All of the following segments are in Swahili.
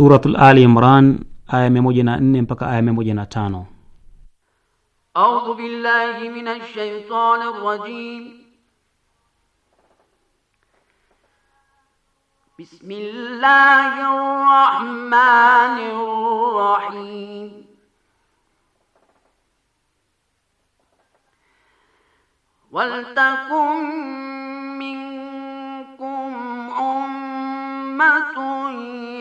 Suratul Ali Imran aya 104 mpaka aya 105. A'udhu billahi minash shaitanir rajim. Bismillahir rahmanir rahim. Wal takum minkum ummatun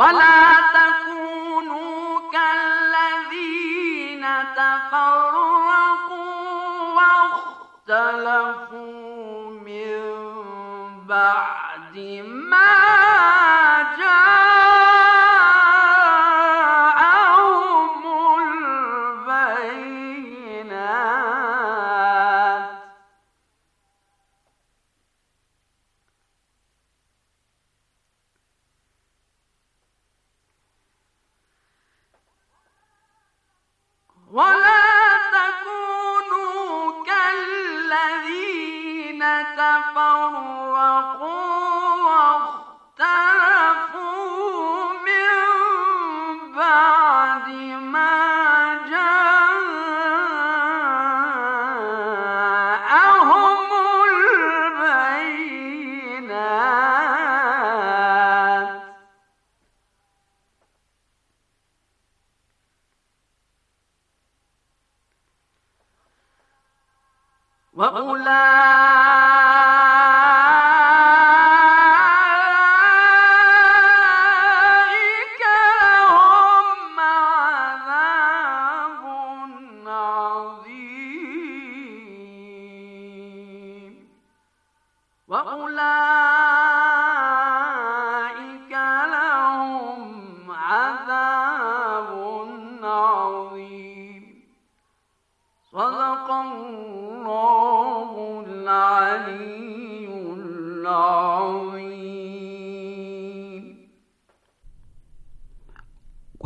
ولا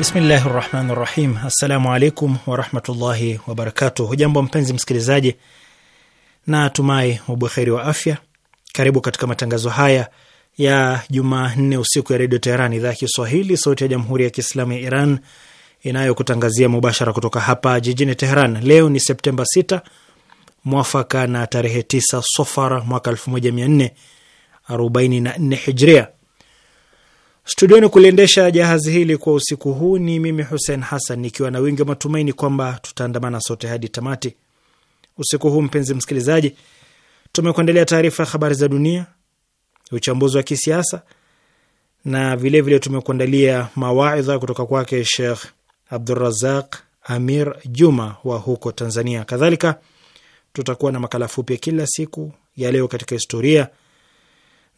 Bismillahi rahmani rahim. Assalamu alaikum warahmatullahi wabarakatuh. Hujambo mpenzi msikilizaji, na tumai ubuheri wa afya. Karibu katika matangazo haya ya Jumanne usiku ya redio Teheran, idhaa ya Kiswahili, sauti ya jamhuri ya kiislamu ya Iran inayokutangazia mubashara kutoka hapa jijini Teheran. Leo ni Septemba 6 mwafaka na tarehe 9 Sofar mwaka 1444 hijria Studioni kuliendesha jahazi hili kwa usiku huu ni mimi Hussein Hassan, nikiwa na wingi wa matumaini kwamba tutaandamana sote hadi tamati. Usiku huu, mpenzi msikilizaji, tumekuandalia taarifa ya habari za dunia, uchambuzi wa kisiasa na vilevile tumekuandalia mawaidha kutoka kwake Shekh Abdurazaq Amir Juma wa huko Tanzania. Kadhalika tutakuwa na makala fupi ya kila siku ya leo katika historia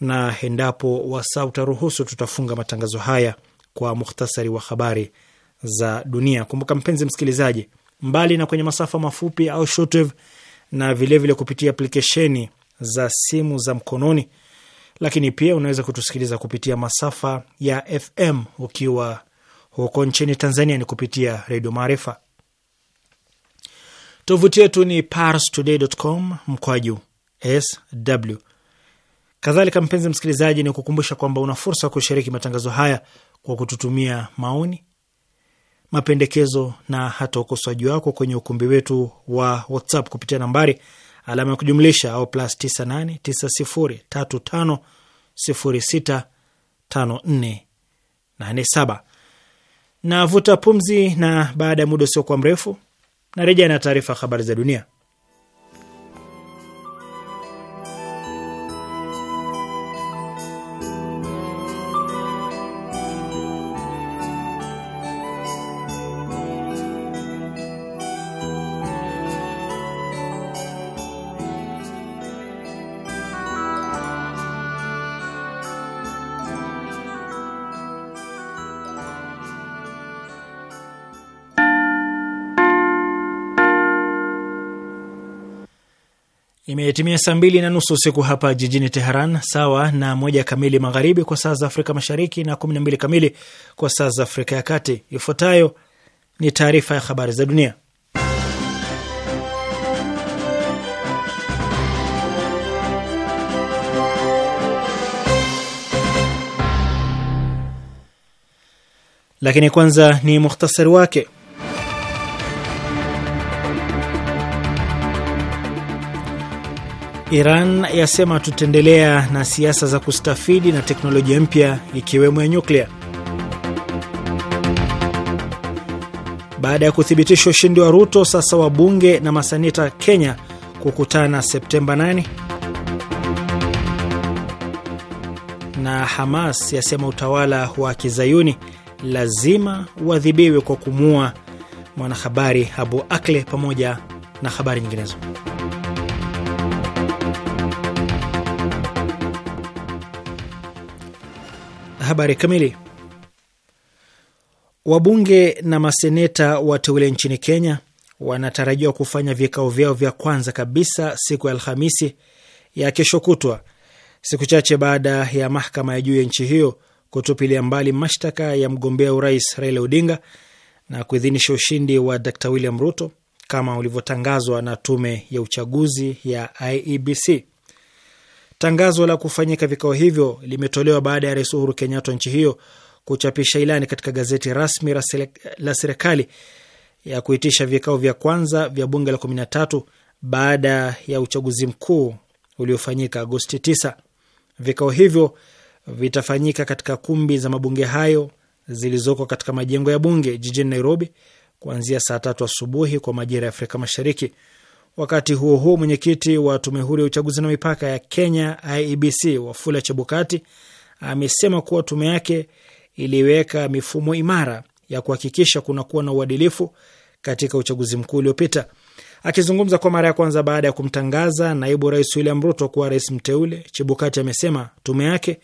na endapo wasaa utaruhusu, tutafunga matangazo haya kwa muhtasari wa habari za dunia. Kumbuka mpenzi msikilizaji, mbali na kwenye masafa mafupi au shortwave na vilevile vile kupitia aplikesheni za simu za mkononi, lakini pia unaweza kutusikiliza kupitia masafa ya FM ukiwa huko nchini Tanzania ni kupitia Redio Maarifa. Tovuti yetu ni parstoday.com mkwaju sw Kadhalika mpenzi msikilizaji, ni kukumbusha kwamba una fursa ya kushiriki matangazo haya kwa kututumia maoni, mapendekezo na hata ukosoaji wako kwenye ukumbi wetu wa WhatsApp kupitia nambari alama ya kujumlisha au plus 989035065487. Navuta pumzi, na baada ya muda usiokuwa mrefu narejea na taarifa habari za dunia. Imetimia saa mbili na nusu usiku hapa jijini Teheran, sawa na moja kamili magharibi kwa saa za Afrika Mashariki na kumi na mbili kamili kwa saa za Afrika ya Kati. Ifuatayo ni taarifa ya habari za dunia, lakini kwanza ni muhtasari wake. Iran yasema tutaendelea na siasa za kustafidi na teknolojia mpya ikiwemo ya nyuklia. Baada ya kuthibitisha ushindi wa Ruto, sasa wabunge na masanita Kenya kukutana Septemba 8. Na Hamas yasema utawala wa kizayuni lazima uadhibiwe kwa kumua mwanahabari Abu Akle, pamoja na habari nyinginezo. Habari kamili. Wabunge na maseneta wateule nchini Kenya wanatarajiwa kufanya vikao vyao vya kwanza kabisa siku ya Alhamisi ya kesho kutwa, siku chache baada ya mahakama ya juu ya nchi hiyo kutupilia mbali mashtaka ya mgombea urais Raila Odinga na kuidhinisha ushindi wa Dr William Ruto kama ulivyotangazwa na tume ya uchaguzi ya IEBC. Tangazo la kufanyika vikao hivyo limetolewa baada ya Rais Uhuru Kenyatta wa nchi hiyo kuchapisha ilani katika gazeti rasmi la serikali ya kuitisha vikao vya kwanza vya bunge la 13 baada ya uchaguzi mkuu uliofanyika Agosti 9. Vikao hivyo vitafanyika katika kumbi za mabunge hayo zilizoko katika majengo ya bunge jijini Nairobi kuanzia saa tatu asubuhi kwa majira ya Afrika Mashariki. Wakati huo huo, mwenyekiti wa tume huru ya uchaguzi na mipaka ya Kenya, IEBC, Wafula Chebukati amesema kuwa tume yake iliweka mifumo imara ya kuhakikisha kunakuwa na uadilifu katika uchaguzi mkuu uliopita. Akizungumza kwa mara ya kwanza baada ya kumtangaza naibu rais William Ruto kuwa rais mteule, Chebukati amesema tume yake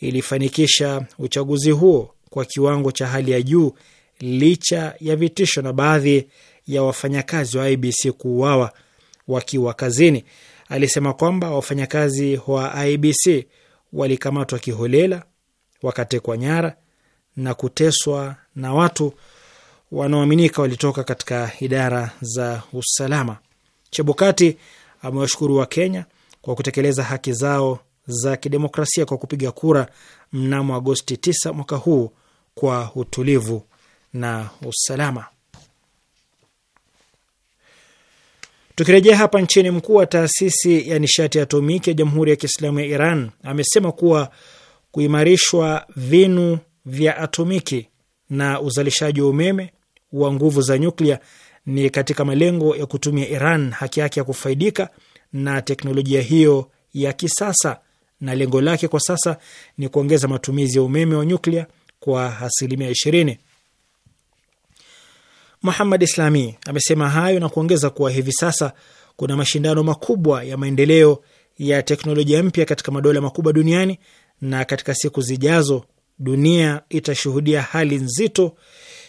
ilifanikisha uchaguzi huo kwa kiwango cha hali ya juu licha ya vitisho na baadhi ya wafanyakazi wa IBC kuuawa wakiwa kazini. Alisema kwamba wafanyakazi wa IBC walikamatwa kiholela, wakatekwa nyara na kuteswa na watu wanaoaminika walitoka katika idara za usalama. Chebukati amewashukuru Wakenya kwa kutekeleza haki zao za kidemokrasia kwa kupiga kura mnamo Agosti 9 mwaka huu kwa utulivu na usalama. Tukirejea hapa nchini, mkuu wa taasisi ya nishati ya atomiki ya Jamhuri ya Kiislamu ya Iran amesema kuwa kuimarishwa vinu vya atomiki na uzalishaji wa umeme wa nguvu za nyuklia ni katika malengo ya kutumia Iran haki yake ya kufaidika na teknolojia hiyo ya kisasa, na lengo lake kwa sasa ni kuongeza matumizi ya umeme wa nyuklia kwa asilimia ishirini. Muhammad Islami amesema hayo na kuongeza kuwa hivi sasa kuna mashindano makubwa ya maendeleo ya teknolojia mpya katika madola makubwa duniani na katika siku zijazo dunia itashuhudia hali nzito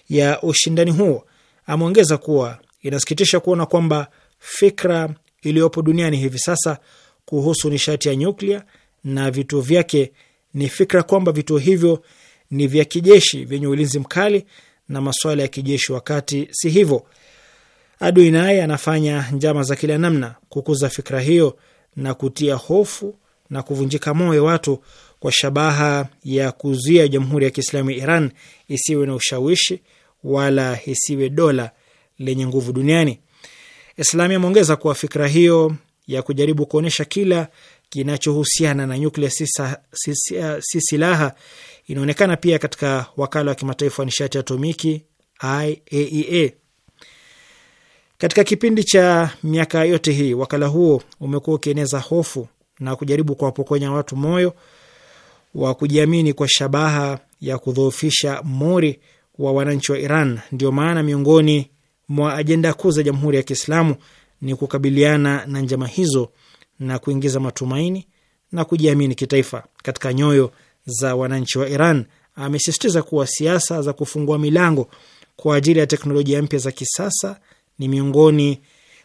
ya ushindani huo. Ameongeza kuwa inasikitisha kuona kwamba fikra iliyopo duniani hivi sasa kuhusu nishati ya nyuklia na vituo vyake ni fikra kwamba vituo hivyo ni vya kijeshi vyenye ulinzi mkali na masuala ya kijeshi, wakati si hivyo. Adui naye anafanya njama za kila namna kukuza fikra hiyo na kutia hofu na kuvunjika moyo watu kwa shabaha ya kuzuia Jamhuri ya Kiislamu ya Iran isiwe na ushawishi wala isiwe dola lenye nguvu duniani. Islami ameongeza kuwa fikra hiyo ya kujaribu kuonyesha kila kinachohusiana na nyuklia si silaha inaonekana pia katika wakala wa kimataifa wa nishati ya atomiki IAEA. E katika kipindi cha miaka yote hii, wakala huo umekuwa ukieneza hofu na kujaribu kuwapokonya watu moyo wa kujiamini kwa shabaha ya kudhoofisha mori wa wananchi wa Iran. Ndio maana miongoni mwa ajenda kuu za Jamhuri ya Kiislamu ni kukabiliana na njama hizo na kuingiza matumaini na kujiamini kitaifa katika nyoyo za wananchi wa Iran. Amesisitiza kuwa siasa za kufungua milango kwa ajili ya teknolojia mpya za kisasa ni miongoni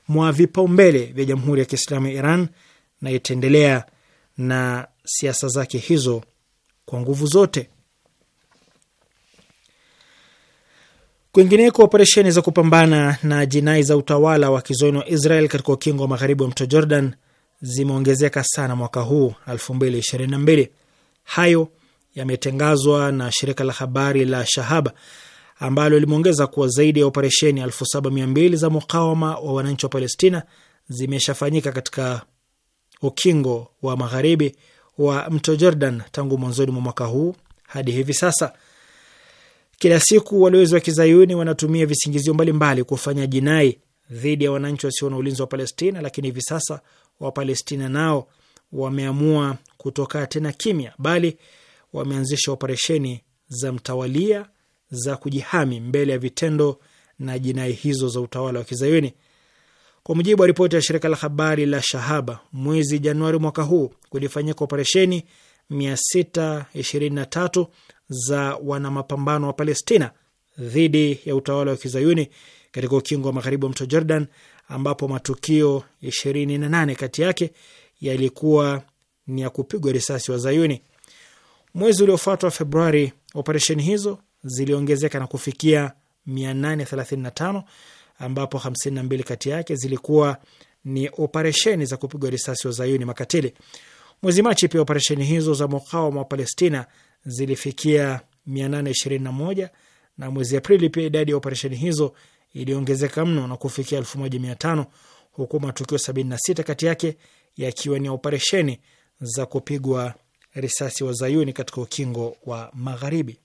mwa vipaumbele vya Jamhuri ya Kiislamu ya Iran na itaendelea na siasa zake hizo kwa nguvu zote. Kwingineko, operesheni za kupambana na jinai za utawala wa kizoni wa Israel katika ukingo wa magharibi wa mto Jordan zimeongezeka sana mwaka huu 2022. Hayo yametangazwa na shirika la habari la Shahaba ambalo limeongeza kuwa zaidi ya operesheni elfu za mukawama wa wananchi wa Palestina zimeshafanyika katika ukingo wa magharibi wa mto Jordan tangu mwanzoni mwa mwaka huu hadi hivi sasa. Kila siku walowezi wa kizayuni wanatumia visingizio mbalimbali kufanya jinai dhidi ya wananchi wasio na ulinzi wa Palestina, lakini hivi sasa Wapalestina nao wameamua kutokaa tena kimya, bali wameanzisha operesheni za mtawalia za kujihami mbele ya vitendo na jinai hizo za utawala wa kizayuni. Kwa mujibu wa ripoti ya shirika la habari la Shahaba, mwezi Januari mwaka huu kulifanyika operesheni 623 za wanamapambano wa Palestina dhidi ya utawala wa kizayuni katika ukingo wa magharibi wa mto Jordan, ambapo matukio 28 kati yake yalikuwa ni ya kupigwa risasi wa Zayuni. Mwezi uliofuatwa Februari, operesheni hizo ziliongezeka na kufikia 835 ambapo 52 kati yake zilikuwa ni operesheni za kupigwa risasi wa Zayuni makatili. Mwezi Machi pia operesheni hizo za mukawama wa Palestina zilifikia 821 na mwezi Aprili pia idadi ya operesheni hizo iliongezeka mno na kufikia 1500 huku matukio 76 kati yake yakiwa ni operesheni za kupigwa risasi wa zayuni katika ukingo wa Magharibi.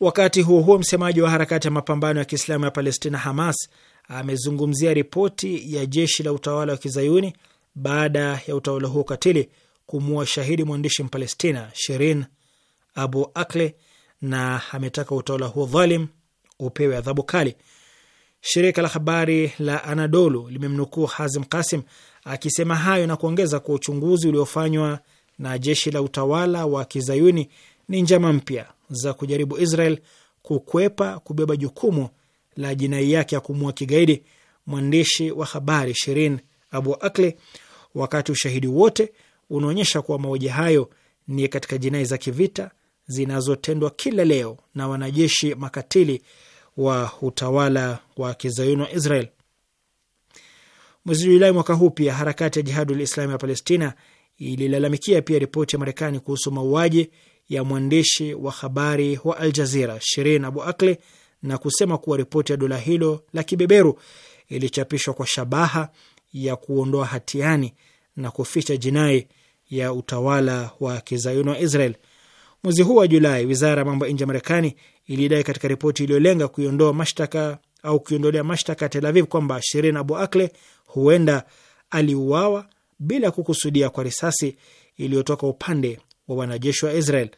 Wakati huo huo, msemaji wa harakati ya mapambano ya Kiislamu ya Palestina, Hamas, amezungumzia ripoti ya jeshi la utawala wa kizayuni baada ya utawala huo katili kumua shahidi mwandishi Mpalestina Shirin Abu Akle, na ametaka utawala huo dhalim upewe adhabu kali. Shirika la habari la Anadolu limemnukuu Hazim Kasim akisema hayo na kuongeza kuwa uchunguzi uliofanywa na jeshi la utawala wa kizayuni ni njama mpya za kujaribu Israel kukwepa kubeba jukumu la jinai yake ya kumua kigaidi mwandishi wa habari Shirin Abu Akle, wakati ushahidi wote unaonyesha kuwa mauaji hayo ni katika jinai za kivita zinazotendwa kila leo na wanajeshi makatili wa utawala wa kizayuni wa Israel. Mwezi Julai mwaka huu pia harakati ya Jihadul Islami ya Palestina ililalamikia pia ripoti ya Marekani kuhusu mauaji ya mwandishi wa habari wa Al Jazira Shirin Abu Akle na kusema kuwa ripoti ya dola hilo la kibeberu ilichapishwa kwa shabaha ya kuondoa hatiani na kuficha jinai ya utawala wa kizayuni wa Israel. Mwezi huu wa Julai, wizara ya mambo ya nje ya Marekani ilidai katika ripoti iliyolenga kuiondoa mashtaka au kuiondolea mashtaka Tel Aviv kwamba Shirin Abu Akle huenda aliuawa bila kukusudia kwa risasi iliyotoka upande wa wanajeshi wa Israel.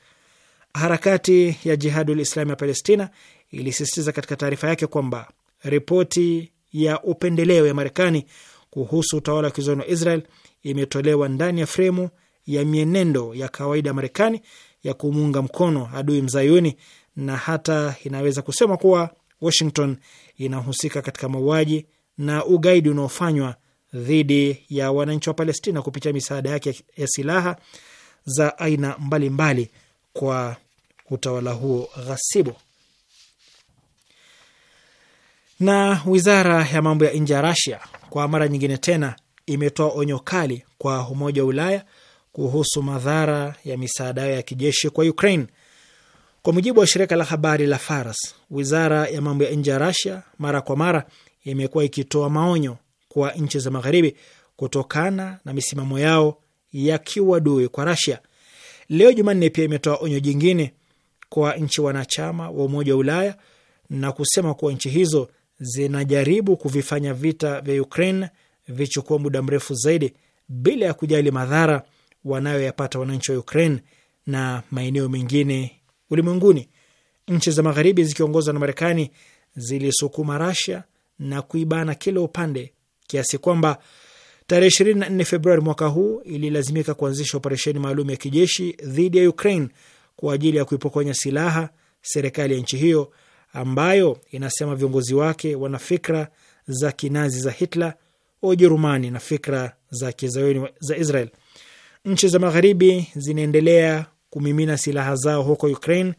Harakati ya Jihadul Islami ya Palestina ilisisitiza katika taarifa yake kwamba ripoti ya upendeleo ya Marekani kuhusu utawala wa kizoni wa Israel imetolewa ndani ya fremu ya mienendo ya kawaida ya Marekani ya kumuunga mkono adui mzayuni na hata inaweza kusema kuwa Washington inahusika katika mauaji na ugaidi unaofanywa dhidi ya wananchi wa Palestina kupitia misaada yake ya silaha za aina mbalimbali mbali kwa utawala huo ghasibu. Na wizara ya mambo ya nje ya Rasia kwa mara nyingine tena imetoa onyo kali kwa Umoja wa Ulaya kuhusu madhara ya misaada yao ya kijeshi kwa Ukraine kwa mujibu wa shirika la habari la Faras, wizara ya mambo ya nje ya Rasia mara kwa mara imekuwa ikitoa maonyo kwa nchi za Magharibi kutokana na misimamo yao ya kiuadui kwa Rasia. Leo Jumanne pia imetoa onyo jingine kwa nchi wanachama wa Umoja wa Ulaya na kusema kuwa nchi hizo zinajaribu kuvifanya vita vya Ukraine vichukua muda mrefu zaidi bila ya kujali madhara wanayoyapata wananchi wa Ukraine na maeneo mengine ulimwenguni. Nchi za magharibi zikiongozwa na Marekani zilisukuma Rasia na kuibana kila upande kiasi kwamba tarehe nne Februari mwaka huu ililazimika kuanzisha operesheni maalum ya kijeshi dhidi ya Ukraine kwa ajili ya kuipokonya silaha serikali ya nchi hiyo ambayo inasema viongozi wake wana fikra za kinazi za Hitler wa Ujerumani na fikra za kizayuni za Israel. Nchi za magharibi zinaendelea kumimina silaha zao huko Ukraine,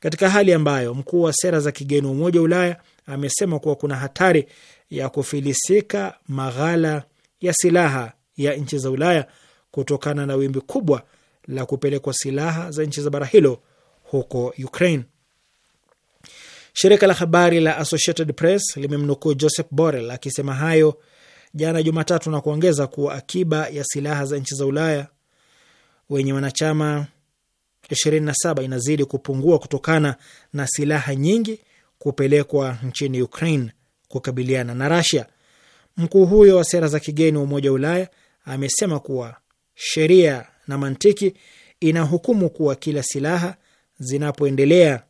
katika hali ambayo mkuu wa sera za kigeni wa Umoja wa Ulaya amesema kuwa kuna hatari ya kufilisika maghala ya silaha ya nchi za Ulaya kutokana na wimbi kubwa la kupelekwa silaha za nchi za bara hilo huko Ukraine. Shirika la habari la Associated Press limemnukuu Joseph Borrell akisema hayo jana Jumatatu na kuongeza kuwa akiba ya silaha za nchi za Ulaya wenye wanachama 27 inazidi kupungua kutokana na silaha nyingi kupelekwa nchini Ukraine kukabiliana na Russia. Mkuu huyo wa sera za kigeni wa Umoja wa Ulaya amesema kuwa sheria na mantiki inahukumu kuwa kila silaha zinapoendelea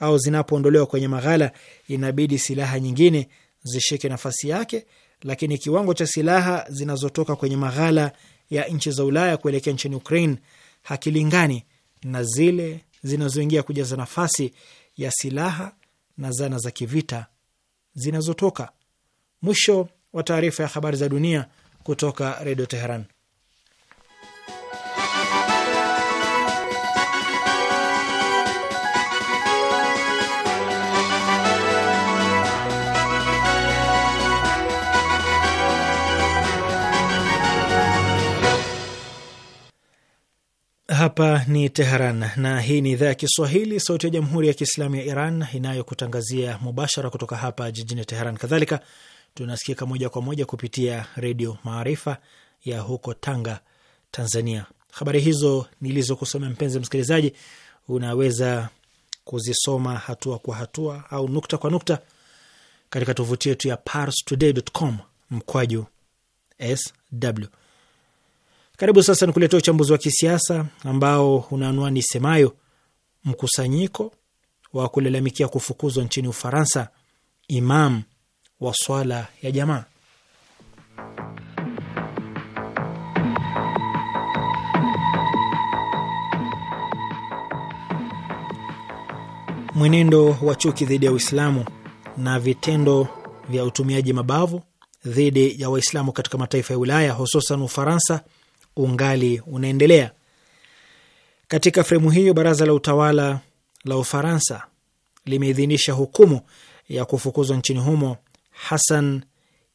au zinapoondolewa kwenye maghala, inabidi silaha nyingine zishike nafasi yake, lakini kiwango cha silaha zinazotoka kwenye maghala ya nchi za Ulaya kuelekea nchini Ukraine hakilingani na zile zinazoingia kujaza nafasi ya silaha na zana za kivita zinazotoka. Mwisho wa taarifa ya habari za dunia kutoka Redio Teheran. Hapa ni Teheran na hii ni idhaa ya Kiswahili, sauti ya jamhuri ya kiislamu ya Iran inayokutangazia mubashara kutoka hapa jijini Teheran. Kadhalika tunasikika moja kwa moja kupitia Redio Maarifa ya huko Tanga, Tanzania. Habari hizo nilizokusomea, mpenzi msikilizaji, unaweza kuzisoma hatua kwa hatua au nukta kwa nukta katika tovuti yetu ya parstoday.com mkwaju sw karibu sasa nikuletea uchambuzi wa kisiasa ambao una anwani semayo mkusanyiko wa kulalamikia kufukuzwa nchini Ufaransa imam wa swala ya jamaa. Mwenendo wa chuki dhidi ya Uislamu na vitendo vya utumiaji mabavu dhidi ya Waislamu katika mataifa ya Ulaya hususan Ufaransa ungali unaendelea. Katika fremu hiyo, baraza la utawala la Ufaransa limeidhinisha hukumu ya kufukuzwa nchini humo Hassan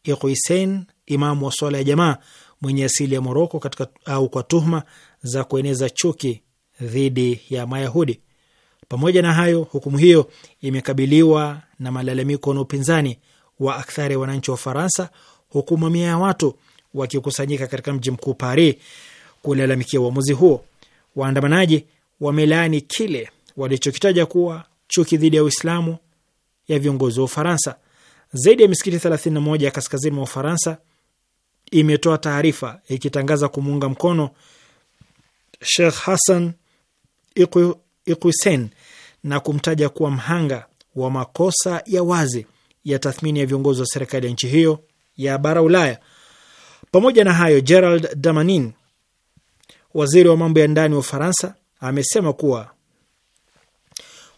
Iqisen, imamu wa swala ya jamaa mwenye asili ya Moroko, katika au kwa tuhuma za kueneza chuki dhidi ya Mayahudi. Pamoja na hayo, hukumu hiyo imekabiliwa na malalamiko na upinzani wa akthari ya wananchi wa Ufaransa, huku mamia ya watu wakikusanyika katika mji mkuu Paris kulalamikia uamuzi huo. Waandamanaji wamelaani kile walichokitaja kuwa chuki dhidi ya Uislamu ya viongozi wa Ufaransa. Zaidi ya misikiti 31 ya kaskazini mwa Ufaransa imetoa taarifa ikitangaza kumuunga mkono Sheikh Hassan iquisen na kumtaja kuwa mhanga wa makosa ya wazi ya tathmini ya viongozi wa serikali ya nchi hiyo ya bara Ulaya pamoja na hayo, Gerald Damanin, waziri wa mambo ya ndani wa Ufaransa, amesema kuwa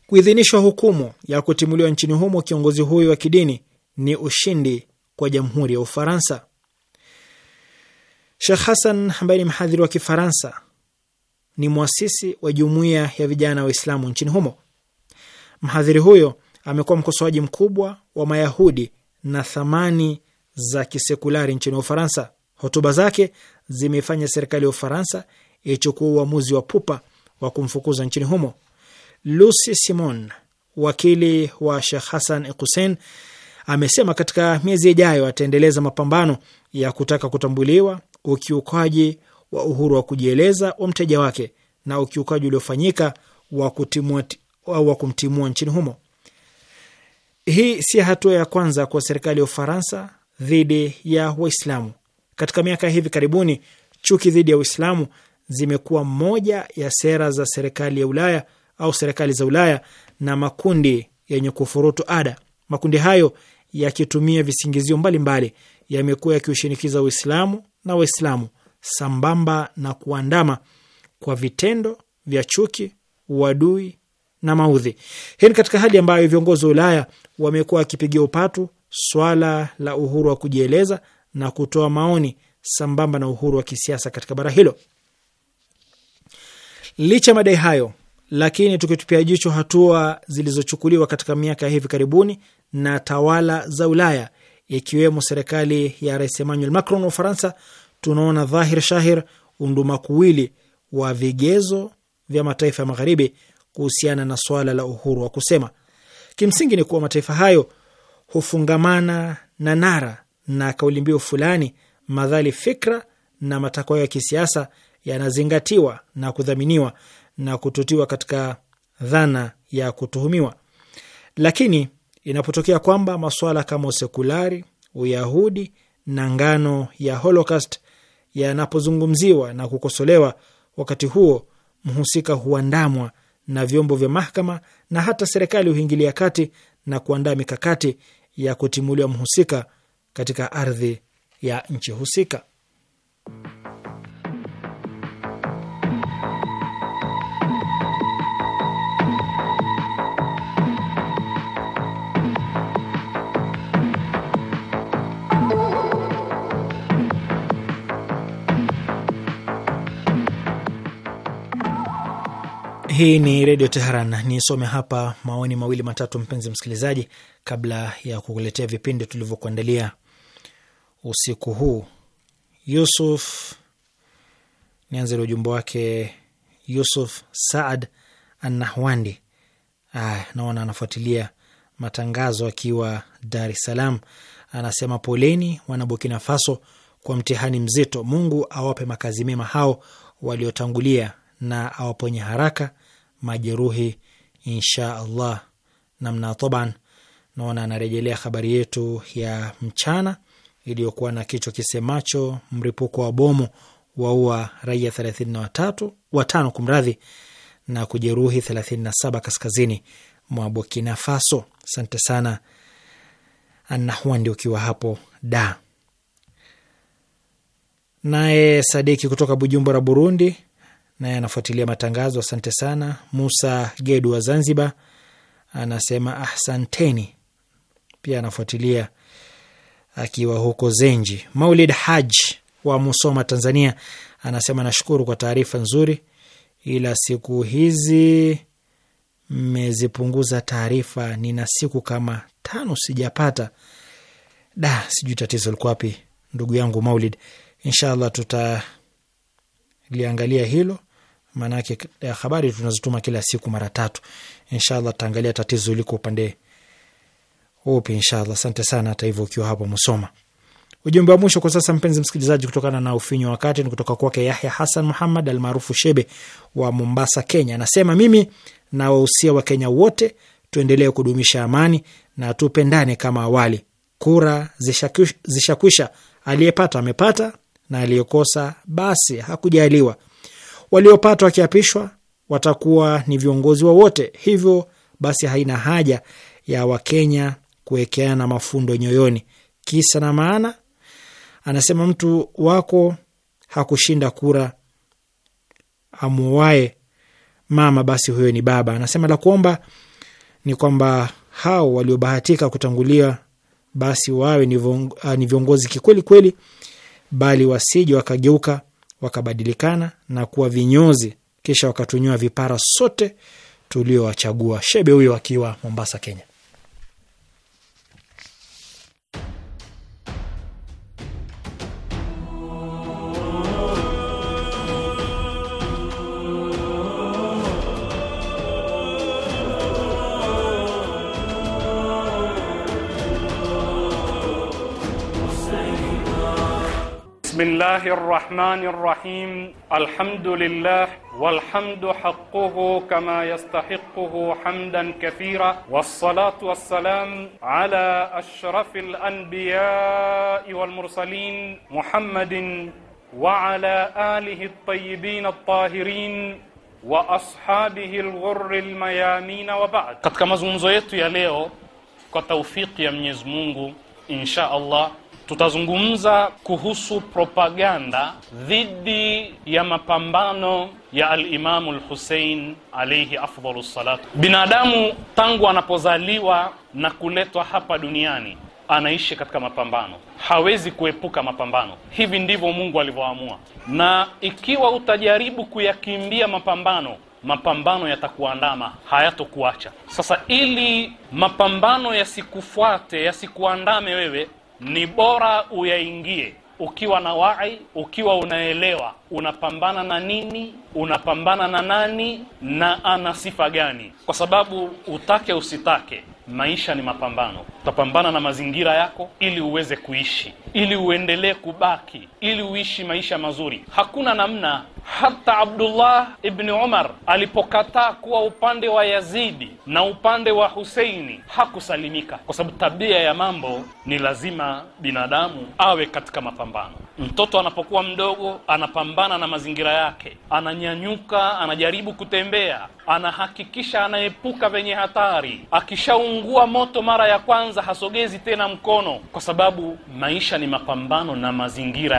kuidhinishwa hukumu ya kutimuliwa nchini humo kiongozi huyo wa kidini ni ushindi kwa jamhuri ya Ufaransa. Sheikh Hassan ambaye ni mhadhiri wa Kifaransa ni mwasisi wa jumuiya ya vijana Waislamu nchini humo. Mhadhiri huyo amekuwa mkosoaji mkubwa wa Mayahudi na thamani za kisekulari nchini Ufaransa. Hotuba zake zimefanya serikali ya Ufaransa ichukua uamuzi wa pupa wa kumfukuza nchini humo. Lucy Simon, wakili wa Sheikh Hassan Hussein, amesema katika miezi ijayo ataendeleza mapambano ya kutaka kutambuliwa ukiukaji wa uhuru wa kujieleza wa mteja wake na ukiukaji uliofanyika wa kutimua wa kumtimua nchini humo. Hii si hatua ya kwanza kwa serikali ya Ufaransa dhidi ya Waislamu katika miaka hivi karibuni, chuki dhidi ya Uislamu zimekuwa moja ya sera za serikali ya Ulaya au serikali za Ulaya na makundi yenye kufurutu ada. Makundi hayo yakitumia visingizio mbalimbali yamekuwa yakiushinikiza Uislamu na Waislamu sambamba na kuandama kwa vitendo vya chuki, uadui na maudhi. Hii ni katika hali ambayo viongozi wa Ulaya wamekuwa wakipigia upatu swala la uhuru wa kujieleza na kutoa maoni sambamba na uhuru wa kisiasa katika bara hilo. Licha madai hayo, lakini tukitupia jicho hatua zilizochukuliwa katika miaka ya hivi karibuni na tawala za Ulaya ikiwemo serikali ya Rais Emmanuel Macron wa Ufaransa, tunaona dhahir shahir undumakuwili wa vigezo vya mataifa ya magharibi kuhusiana na swala la uhuru wa kusema. Kimsingi ni kuwa mataifa hayo hufungamana na nara na kauli mbiu fulani, madhali fikra na matakwa ya kisiasa yanazingatiwa na kudhaminiwa na kututiwa katika dhana ya kutuhumiwa. Lakini inapotokea kwamba masuala kama usekulari, uyahudi na ngano ya Holocaust yanapozungumziwa na kukosolewa, wakati huo mhusika huandamwa na vyombo vya mahakama na hata serikali huingilia kati na kuandaa mikakati ya kutimuliwa mhusika katika ardhi ya nchi husika. Hii ni Redio Teheran. Nisome hapa maoni mawili matatu, mpenzi msikilizaji, kabla ya kukuletea vipindi tulivyokuandalia usiku huu. Yusuf, nianze na ujumbe wake Yusuf Saad Anahwandi. Ah, naona anafuatilia matangazo akiwa Dar es Salaam. Anasema poleni wana Burkina Faso kwa mtihani mzito. Mungu awape makazi mema hao waliotangulia na awaponye haraka majeruhi, insha Allah. Namna taban, naona anarejelea habari yetu ya mchana iliyokuwa na kichwa kisemacho mripuko wa bomu waua raia thelathini watano kumradhi, na kujeruhi thelathini na saba kaskazini mwa Burkina Faso. Asante sana ndio ukiwa hapo da. Naye Sadiki kutoka Bujumbura, Burundi, naye anafuatilia matangazo. Asante sana. Musa Gedu wa Zanzibar anasema ahsanteni, pia anafuatilia akiwa huko Zenji. Maulid Haj wa Musoma, Tanzania, anasema nashukuru kwa taarifa nzuri, ila siku hizi mmezipunguza taarifa. Nina siku kama tano sijapata. Da, sijui tatizo liko wapi, ndugu yangu Maulid. Inshallah tutaliangalia hilo, maanake habari tunazituma kila siku mara tatu. Inshallah tutaangalia tatizo liko upande upi inshallah. Asante sana hata hivyo ukiwa hapo Musoma. Ujumbe wa mwisho kwa sasa, mpenzi msikilizaji, kutokana na ufinyo wa wakati, ni kutoka kwake Yahya Hassan Muhammad almaarufu Shebe wa Mombasa, Kenya. Anasema, mimi nawahusia Wakenya wote tuendelee kudumisha amani na tupendane kama awali. Kura zishakwisha, aliyepata amepata na aliyekosa basi hakujaliwa. Waliopata wakiapishwa watakuwa ni viongozi wa hivyo basi haina haja ya Wakenya kuwekeana mafundo nyoyoni. Kisa na maana, anasema mtu wako hakushinda kura amuwae mama, basi huyo ni baba. Anasema la kuomba ni kwamba hao waliobahatika kutangulia basi wawe ni ah, viongozi kikweli kweli, bali wasije wakageuka wakabadilikana na kuwa vinyozi, kisha wakatunyua vipara sote tuliowachagua. Shebe huyo akiwa Mombasa, Kenya. بسم الله الرحمن الرحيم الحمد لله والحمد حقه كما يستحقه حمدا كثيرا والصلاة والسلام على أشرف الأنبياء والمرسلين محمد وعلى آله الطيبين الطاهرين وأصحابه الغر الميامين وبعد قد كما yetu يا ليو كتوفيق يا ya Mwenyezi Mungu Tutazungumza kuhusu propaganda dhidi ya mapambano ya Alimamu Lhusein alaihi afdalu salatu. Binadamu tangu anapozaliwa na kuletwa hapa duniani anaishi katika mapambano, hawezi kuepuka mapambano. Hivi ndivyo Mungu alivyoamua, na ikiwa utajaribu kuyakimbia mapambano mapambano yatakuandama, hayatokuacha. Sasa ili mapambano yasikufuate, yasikuandame wewe, ni bora uyaingie ukiwa na wai, ukiwa unaelewa unapambana na nini, unapambana na nani na ana sifa gani, kwa sababu utake usitake, maisha ni mapambano. Utapambana na mazingira yako ili uweze kuishi, ili uendelee kubaki, ili uishi maisha mazuri. Hakuna namna hata Abdullah ibni Umar alipokataa kuwa upande wa Yazidi na upande wa Huseini hakusalimika, kwa sababu tabia ya mambo ni lazima binadamu awe katika mapambano. Mtoto anapokuwa mdogo anapambana na mazingira yake, ananyanyuka, anajaribu kutembea, anahakikisha anaepuka vyenye hatari. Akishaungua moto mara ya kwanza hasogezi tena mkono, kwa sababu maisha ni mapambano na mazingira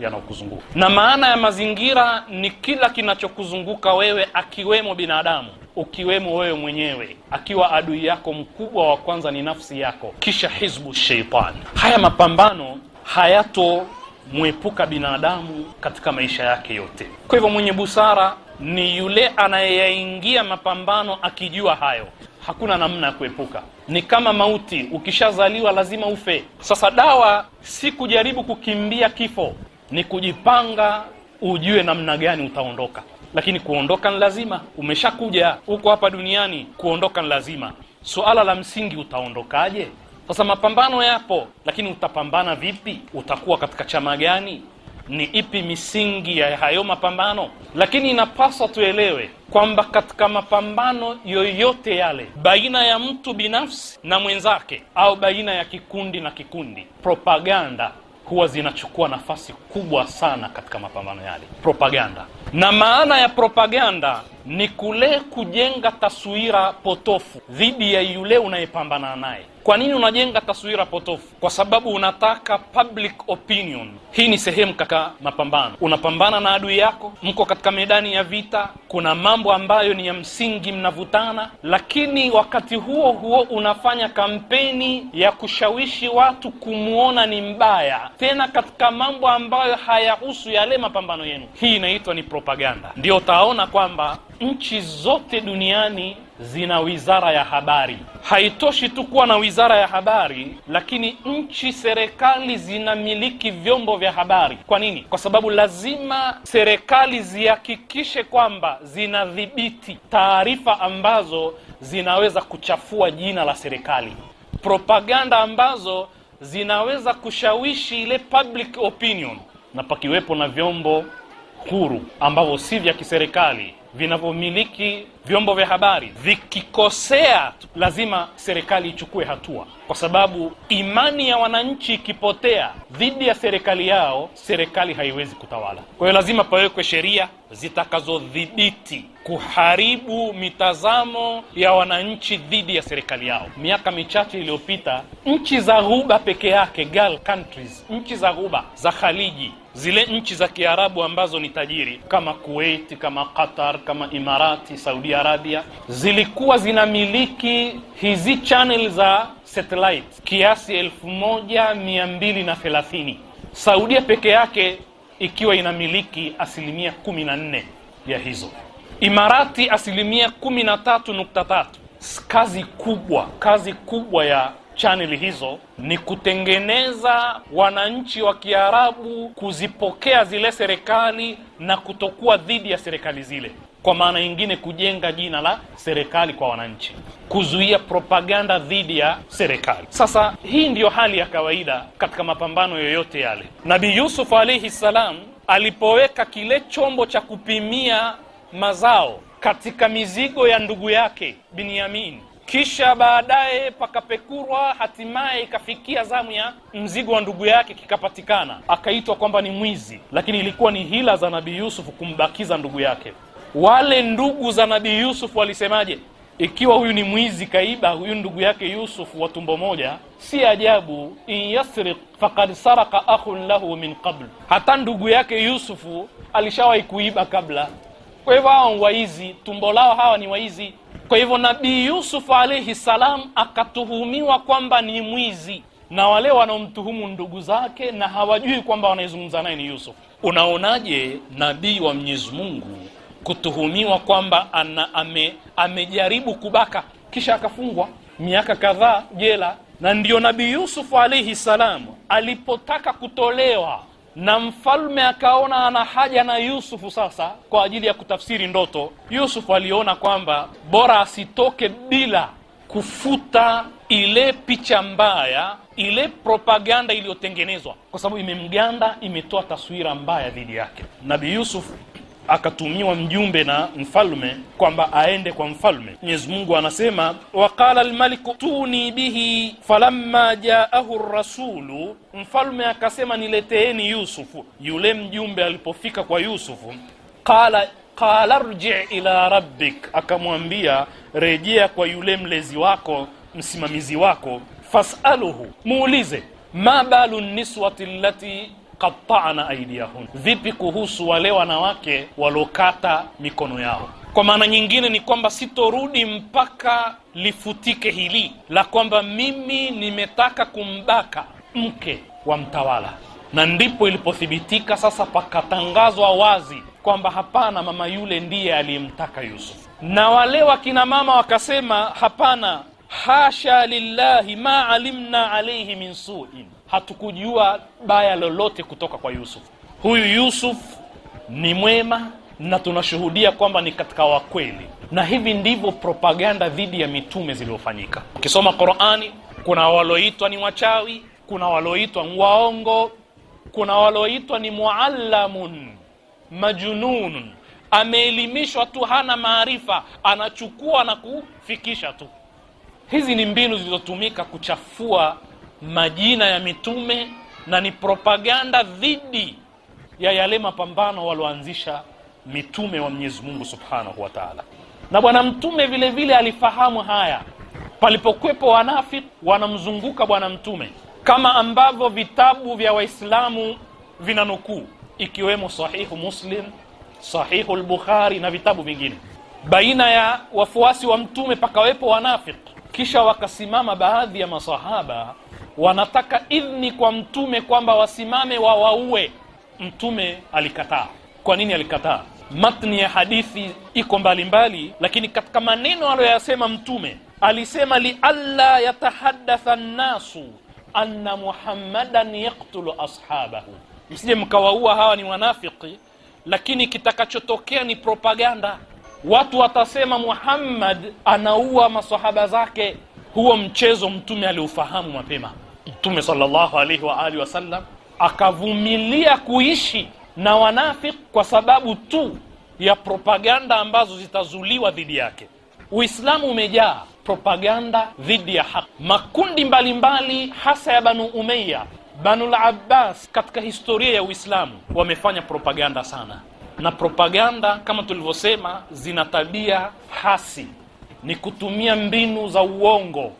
yanaokuzunguka Na maana ya mazingira ni kila kinachokuzunguka wewe, akiwemo binadamu, ukiwemo wewe mwenyewe, akiwa adui yako mkubwa wa kwanza ni nafsi yako, kisha hizbu sheitan Haya mapambano hayatomwepuka binadamu katika maisha yake yote. Kwa hivyo mwenye busara ni yule anayeyaingia mapambano akijua hayo, hakuna namna ya kuepuka. Ni kama mauti, ukishazaliwa lazima ufe. Sasa dawa si kujaribu kukimbia kifo, ni kujipanga ujue namna gani utaondoka, lakini kuondoka ni lazima. Umeshakuja huko hapa duniani, kuondoka ni lazima. Suala la msingi, utaondokaje? Sasa mapambano yapo, lakini utapambana vipi? Utakuwa katika chama gani? Ni ipi misingi ya hayo mapambano? Lakini inapaswa tuelewe kwamba katika mapambano yoyote yale, baina ya mtu binafsi na mwenzake, au baina ya kikundi na kikundi, propaganda huwa zinachukua nafasi kubwa sana katika mapambano yale, propaganda. Na maana ya propaganda ni kule kujenga taswira potofu dhidi ya yule unayepambana naye. Kwa nini unajenga taswira potofu? Kwa sababu unataka public opinion. Hii ni sehemu katika mapambano. Unapambana na adui yako, mko katika medani ya vita, kuna mambo ambayo ni ya msingi, mnavutana, lakini wakati huo huo unafanya kampeni ya kushawishi watu kumwona ni mbaya, tena katika mambo ambayo hayahusu yale mapambano yenu. Hii inaitwa ni propaganda. Ndio utaona kwamba Nchi zote duniani zina wizara ya habari. Haitoshi tu kuwa na wizara ya habari, lakini nchi, serikali zinamiliki vyombo vya habari. Kwa nini? Kwa sababu lazima serikali zihakikishe kwamba zinadhibiti taarifa ambazo zinaweza kuchafua jina la serikali, propaganda ambazo zinaweza kushawishi ile public opinion, na pakiwepo na vyombo huru ambavyo si vya kiserikali vinavyomiliki vyombo vya habari vikikosea, lazima serikali ichukue hatua, kwa sababu imani ya wananchi ikipotea dhidi ya serikali yao, serikali haiwezi kutawala. Kwa hiyo lazima pawekwe sheria zitakazodhibiti kuharibu mitazamo ya wananchi dhidi ya serikali yao. Miaka michache iliyopita, nchi za Ghuba peke yake, Gulf countries, nchi za Ghuba za Khaliji, zile nchi za Kiarabu ambazo ni tajiri kama Kuwait, kama Qatar, kama Imarati, Saudi Arabia zilikuwa zinamiliki hizi channel za satellite kiasi elfu moja mia mbili na thelathini Saudia peke yake ikiwa inamiliki asilimia kumi na nne ya hizo, Imarati asilimia kumi na tatu nukta tatu. Kazi kubwa, kazi kubwa ya chaneli hizo ni kutengeneza wananchi wa Kiarabu kuzipokea zile serikali na kutokuwa dhidi ya serikali zile. Kwa maana nyingine, kujenga jina la serikali kwa wananchi, kuzuia propaganda dhidi ya serikali. Sasa hii ndiyo hali ya kawaida katika mapambano yoyote yale. nabi Yusuf alaihi ssalam alipoweka kile chombo cha kupimia mazao katika mizigo ya ndugu yake Binyamin kisha baadaye pakapekurwa, hatimaye ikafikia zamu ya mzigo wa ndugu yake kikapatikana, akaitwa kwamba ni mwizi, lakini ilikuwa ni hila za Nabii Yusuf kumbakiza ndugu yake. Wale ndugu za Nabii yusufu walisemaje? Ikiwa huyu ni mwizi kaiba huyu ndugu yake Yusuf wa tumbo moja, si ajabu. in yasriq fakad saraka akhun lahu min qabl, hata ndugu yake Yusufu alishawahi kuiba kabla. Kwa hivyo hawa waizi tumbo lao hawa ni waizi. Kwa hivyo Nabii Yusuf alaihi salam akatuhumiwa kwamba ni mwizi, na wale wanaomtuhumu ndugu zake, na hawajui kwamba wanaezungumza naye ni Yusuf. Unaonaje nabii wa Mwenyezi Mungu kutuhumiwa kwamba ana, ame, amejaribu kubaka kisha akafungwa miaka kadhaa jela? Na ndio Nabii Yusuf alaihi salam alipotaka kutolewa na mfalme akaona ana haja na Yusufu sasa kwa ajili ya kutafsiri ndoto. Yusufu aliona kwamba bora asitoke bila kufuta ile picha mbaya, ile propaganda iliyotengenezwa, kwa sababu imemganda, imetoa taswira mbaya dhidi yake. Nabii Yusuf akatumiwa mjumbe na mfalme kwamba aende kwa mfalme. Mwenyezi Mungu anasema waqala lmaliku tuni bihi falamma jaahu rasulu, mfalme akasema nileteeni Yusufu. Yule mjumbe alipofika kwa Yusufu qala qala rji ila rabbik, akamwambia rejea kwa yule mlezi wako msimamizi wako, fasaluhu muulize ma balu niswati llati qatana aidiyahun, vipi kuhusu wale wanawake waliokata mikono yao? Kwa maana nyingine ni kwamba sitorudi mpaka lifutike hili la kwamba mimi nimetaka kumbaka mke wa mtawala, na ndipo ilipothibitika sasa, pakatangazwa wazi kwamba hapana, mama yule ndiye aliyemtaka Yusuf, na wale wakina mama wakasema hapana, hasha lillahi ma alimna alaihi min suin hatukujua baya lolote kutoka kwa Yusuf. Huyu Yusuf ni mwema na tunashuhudia kwamba ni katika wakweli, na hivi ndivyo propaganda dhidi ya mitume zilizofanyika. Ukisoma Qurani kuna waloitwa ni wachawi, kuna waloitwa waongo, kuna waloitwa ni muallamun majunun, ameelimishwa tu, hana maarifa, anachukua na kufikisha tu. Hizi ni mbinu zilizotumika kuchafua majina ya mitume na ni propaganda dhidi ya yale mapambano walioanzisha mitume wa Mwenyezi Mungu Subhanahu wa Ta'ala. Na bwana mtume vile vile alifahamu haya. Palipokwepo wanafiki wanamzunguka bwana mtume, kama ambavyo vitabu vya Waislamu nukuu ikiwemo Sahihu Muslim, Sahihu al-Bukhari na vitabu vingine. Baina ya wafuasi wa mtume pakawepo wanafiki, kisha wakasimama baadhi ya masahaba wanataka idhni kwa mtume kwamba wasimame wawaue. Mtume alikataa. Kwa nini alikataa? Matni ya hadithi iko mbalimbali lakini katika maneno aliyoyasema mtume alisema lialla yatahadatha nnasu anna muhammadan yaktulu ashabahu, msije mkawaua hawa ni wanafiki, lakini kitakachotokea ni propaganda. Watu watasema Muhammad anaua masahaba zake. Huo mchezo mtume aliufahamu mapema. Mtume sallallahu alaihi wa alihi wasallam akavumilia kuishi na wanafiki kwa sababu tu ya propaganda ambazo zitazuliwa dhidi yake. Uislamu umejaa propaganda dhidi ya haki. Makundi mbalimbali mbali, hasa ya Banu Umeya, Banul Abbas, katika historia ya Uislamu wamefanya propaganda sana, na propaganda kama tulivyosema, zina tabia hasi, ni kutumia mbinu za uongo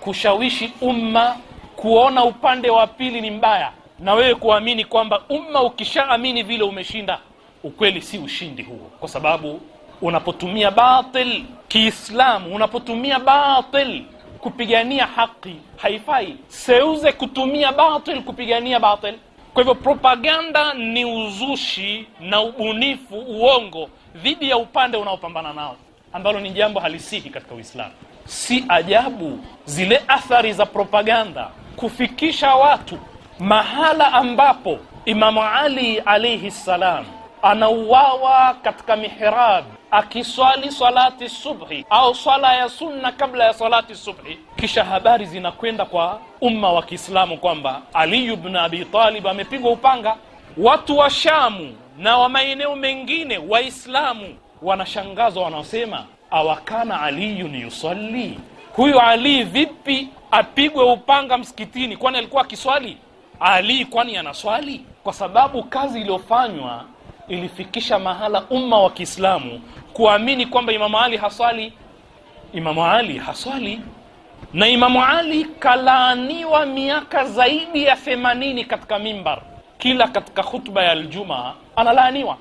kushawishi umma kuona upande wa pili ni mbaya na wewe kuamini kwamba umma ukishaamini vile umeshinda, ukweli si ushindi huo, kwa sababu unapotumia batil Kiislamu, unapotumia batil kupigania haki haifai. Seuze kutumia batil kupigania batil. Kwa hivyo propaganda ni uzushi na ubunifu uongo dhidi ya upande unaopambana nao, ambalo ni jambo halisihi katika Uislamu. Si ajabu zile athari za propaganda kufikisha watu mahala ambapo Imamu Ali alaihi ssalam anauawa katika mihrab akiswali salati subhi au swala ya sunna kabla ya salati subhi, kisha habari zinakwenda kwa umma wa Kiislamu kwamba Ali bn Abi Talib amepigwa upanga. Watu wa Shamu na wa maeneo mengine Waislamu wanashangazwa, wanasema awakana aliyun yusalli huyu Ali vipi apigwe upanga msikitini? Kwani alikuwa akiswali Ali? Kwani anaswali? Kwa sababu kazi iliyofanywa ilifikisha mahala umma wa Kiislamu kuamini kwamba Imamu Ali haswali. Imamu Ali haswali, na Imamu Ali kalaaniwa miaka zaidi ya themanini katika mimbar, kila katika khutba ya aljuma analaaniwa,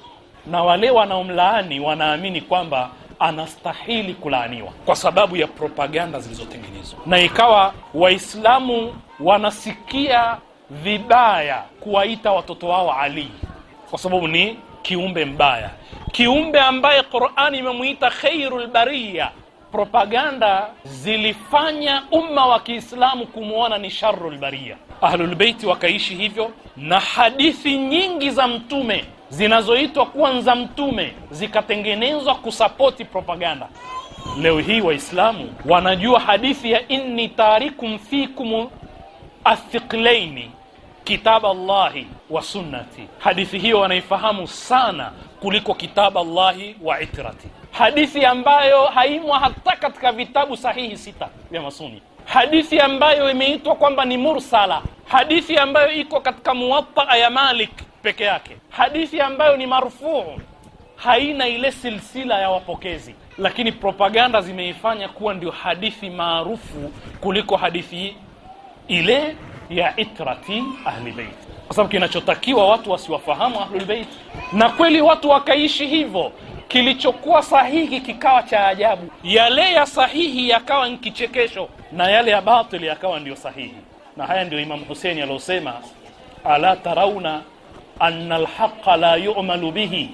na wale wanaomlaani wanaamini kwamba anastahili kulaaniwa kwa sababu ya propaganda zilizotengenezwa, na ikawa Waislamu wanasikia vibaya kuwaita watoto wao Ali kwa sababu ni kiumbe mbaya, kiumbe ambaye Qurani imemwita khairul bariya. Propaganda zilifanya umma wa Kiislamu kumwona ni sharul bariya. Ahlulbeiti wakaishi hivyo, na hadithi nyingi za Mtume zinazoitwa kuwa za mtume zikatengenezwa kusapoti propaganda. Leo hii Waislamu wanajua hadithi ya inni tarikum fikum athiqlaini kitaba Allahi wa sunnati. Hadithi hiyo wanaifahamu sana kuliko kitaba Allahi wa itrati, hadithi ambayo haimwa hata katika vitabu sahihi sita vya Masuni, hadithi ambayo imeitwa kwamba ni mursala, hadithi ambayo iko katika muwatta ya Malik peke yake. Hadithi ambayo ni marufuu haina ile silsila ya wapokezi, lakini propaganda zimeifanya kuwa ndio hadithi maarufu kuliko hadithi ile ya itrati ahlibeit kwa sababu kinachotakiwa watu wasiwafahamu ahlulbeit, na kweli watu wakaishi hivyo. Kilichokuwa sahihi kikawa cha ajabu, yale ya sahihi yakawa ni kichekesho, na yale ya batili yakawa ndio sahihi. Na haya ndio Imamu Huseini aliosema ala tarauna anna alhaqa la yu'malu bihi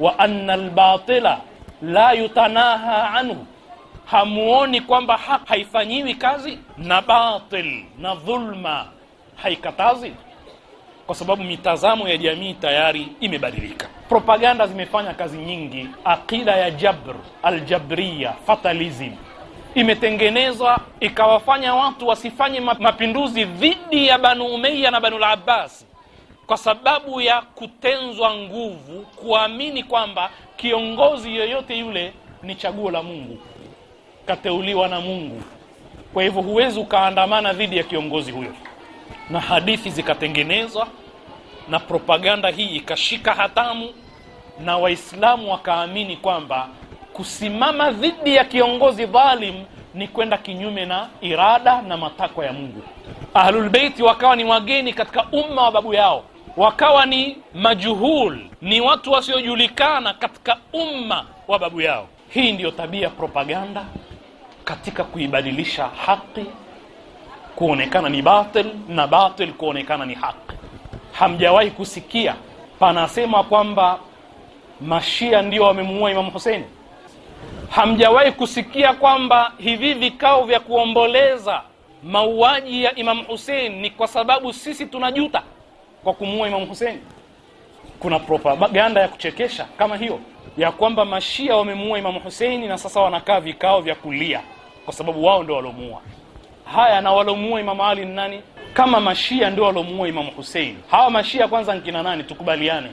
wa anna albatila la yutanaha anhu hamuoni kwamba haq haifanyiwi kazi na batil na dhulma haikatazi kwa sababu mitazamo ya jamii tayari imebadilika propaganda zimefanya kazi nyingi aqida ya jabr aljabriya fatalism imetengenezwa ikawafanya watu wasifanye mapinduzi dhidi ya banu umeya na banu labbasi kwa sababu ya kutenzwa nguvu, kuamini kwamba kiongozi yoyote yule ni chaguo la Mungu, kateuliwa na Mungu. Kwa hivyo huwezi ukaandamana dhidi ya kiongozi huyo, na hadithi zikatengenezwa na propaganda hii ikashika hatamu, na Waislamu wakaamini kwamba kusimama dhidi ya kiongozi dhalim ni kwenda kinyume na irada na matakwa ya Mungu. Ahlulbeiti wakawa ni wageni katika umma wa babu yao wakawa ni majuhul, ni watu wasiojulikana katika umma wa babu yao. Hii ndiyo tabia propaganda katika kuibadilisha haki kuonekana ni batil na batil kuonekana ni haki. Hamjawahi kusikia panasema kwamba mashia ndio wamemuua Imamu Huseini? Hamjawahi kusikia kwamba hivi vikao vya kuomboleza mauaji ya Imamu Husein ni kwa sababu sisi tunajuta? kwa kumuua Imamu Hussein. Kuna propaganda ya kuchekesha kama hiyo ya kwamba mashia wamemuua Imamu Hussein na sasa wanakaa vikao vya kulia kwa sababu wao ndio walomuua. Haya, na walomuua Imamu Ali nani kama mashia ndio walomuua Imamu Hussein? Hawa mashia kwanza nkina nani? Tukubaliane,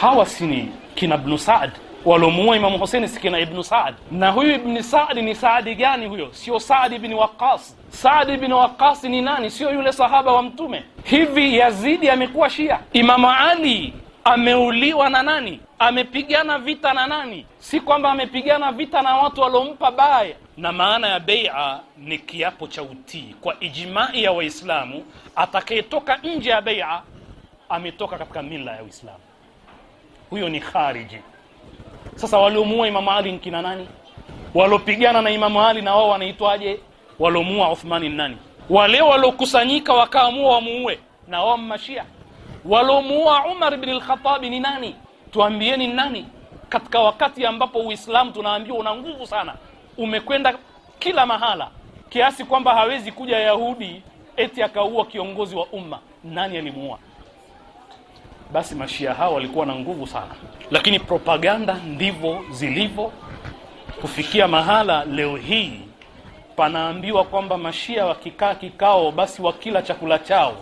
hawa si ni kina Ibn Saad waliomuua Imamu Hussein sikina Ibn Saad. Na huyu Ibn Saad ni Saadi gani huyo? Sio Saadi ibn Waqas. Saadi ibn waqasi ni nani? Sio yule sahaba wa Mtume. Hivi Yazidi amekuwa Shia? Imamu Ali ameuliwa na nani? Amepigana vita na nani? Si kwamba amepigana vita na watu waliompa baya. Na maana ya beia ni kiapo cha utii kwa ijmai ya Waislamu. Atakayetoka nje ya beia ametoka katika mila ya Uislamu, huyo ni khariji. Sasa waliomuua Imamu Ali nkina nani? Walopigana na Imamu Ali na wao wanaitwaje? Walomuua Uthmani nani? Wale waliokusanyika wakaamua wamuue na wao mmashia. Walomuua Umar bin lkhatabi ni nani? Tuambieni nani? Katika wakati ambapo Uislamu tunaambiwa una nguvu sana, umekwenda kila mahala, kiasi kwamba hawezi kuja Yahudi eti akaua kiongozi wa umma. Nani alimuua? basi mashia hao walikuwa na nguvu sana, lakini propaganda ndivyo zilivyo kufikia mahala leo hii panaambiwa kwamba mashia wakikaa kikao, basi wakila chakula chao,